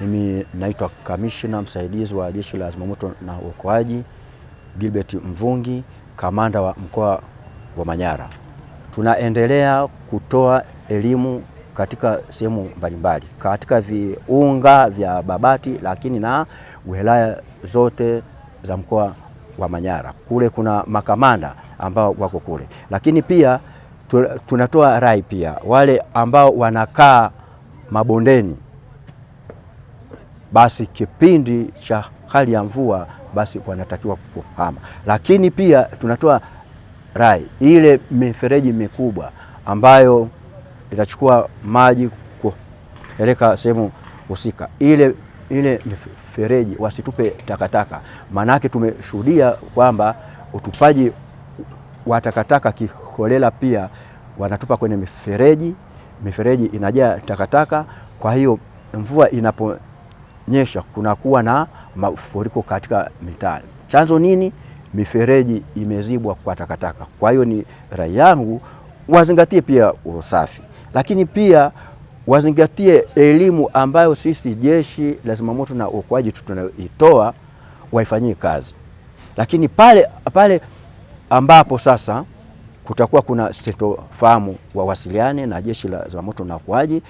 Mimi naitwa kamishna msaidizi wa jeshi la zimamoto na uokoaji Gilbert Mvungi, kamanda wa mkoa wa Manyara. Tunaendelea kutoa elimu katika sehemu mbalimbali katika viunga vya Babati, lakini na wilaya zote za mkoa wa Manyara. Kule kuna makamanda ambao wako kule, lakini pia tunatoa rai pia wale ambao wanakaa mabondeni, basi kipindi cha hali ya mvua, basi wanatakiwa kuhama. Lakini pia tunatoa rai ile mifereji mikubwa ambayo itachukua maji kupeleka sehemu husika. Ile ile mifereji wasitupe takataka, maanake tumeshuhudia kwamba utupaji wa takataka kiholela pia wanatupa kwenye mifereji, mifereji inajaa takataka. Kwa hiyo mvua inaponyesha kunakuwa na mafuriko katika mitaa. Chanzo nini? Mifereji imezibwa kwa takataka. Kwa hiyo ni rai yangu wazingatie pia usafi, lakini pia wazingatie elimu ambayo sisi jeshi la zimamoto na uokoaji tunaitoa waifanyie kazi, lakini pale, pale ambapo sasa kutakuwa kuna sitofahamu wawasiliane na jeshi la zimamoto na uokoaji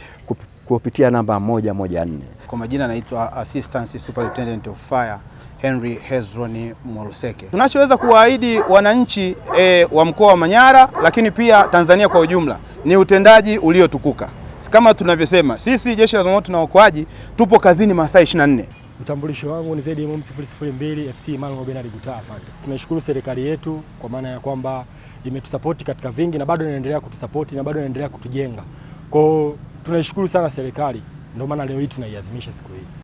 kupitia namba nne. Kwa majina anaitwa Assistant Superintendent of Fire Henry Hezroni Mwaruseke. Tunachoweza kuwaahidi wananchi e, wa mkoa wa Manyara lakini pia Tanzania kwa ujumla ni utendaji uliotukuka. Kama tunavyosema sisi Jeshi la Zimamoto na Uokoaji tupo kazini masaa 24. Utambulisho wangu ni zaidi mm 002 FC Malmo Benard Gutaa Tunashukuru serikali yetu kwa maana ya kwamba imetusapoti katika vingi na bado inaendelea kutusapoti na bado inaendelea kutujenga Kwa tunaishukuru sana serikali, ndio maana leo hii tunaiazimisha siku hii.